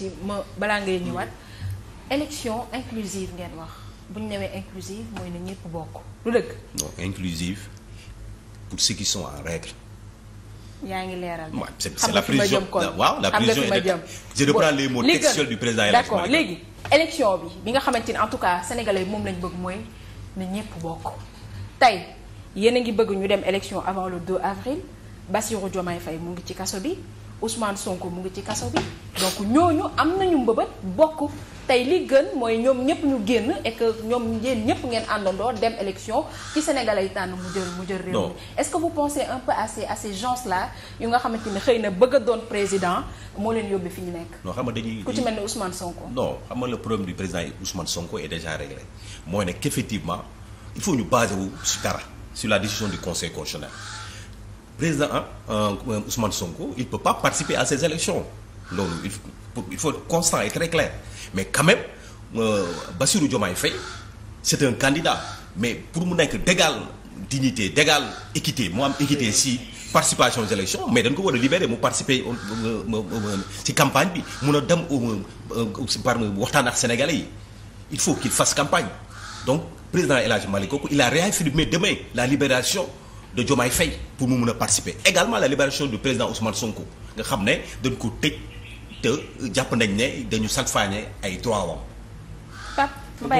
ci ma balaa ngay ñëwaat élection inclusive ngeen wax bu ñu newee inclusive mooy na ñëpp bokk lu dëgg. non inclusive pour ceux qui sont en règle. yaa ngi leeral. c'est la prison waaw la prison est de je reprends les mots textuels du président élection d'accord léegi élection bi bi nga xamante ni en tout cas sénégalais moom lañu bëgg mooy na ñëpp bokk tey yéen a ngi bëgg ñu dem élection avant le avril. Bassirou Diomaye fay mu ngi ci kaso bi Ousmane Sonko mu ngi ci kaso bi donc ñooñu am nañu mbëbët bokk tey lii gën mooy ñoom ñëpp ñu génn et que ñoom yéen ñëpp ngeen àndandoo dem élection ci Sénégal ay tànn mu jël mu jël réew mi est que vous pensez un peu à ces à yu nga xamante ni xëy na bëgg a doon président moo leen yóbbee fi ñu nekk. non xam ne dañuy ku ci mel ne Ousmane Sonko. non xam nga le problème du président Ousmane Sonko est déjà réglé mooy ne il faut ñu baser wu si dara sur la décision du conseil constitutionnel. président ah Ousmane Sonko il peut pas participer à ces élections loolu il faut il faut être constant et très clair mais quand même euh, Bassirou Diomaye Faye c'est un candidat mais pour mu nekk d'égale dignité d'égale équité mu am équité si participation aux élections mais dañ ko war a libérer mu participer si campagne bi mun a dem par waxtaan ak Sénégalais yi il faut qu'il fasse campagne donc président El Hadj Malick kooku il a réaffirmé demain la libération da Diomaye fay pour mu mun a participer également la libération du président Ousmane Sonko nga xam ne dañ ko tëj te jàpp nañ ne dañu salfaañe ay droit wam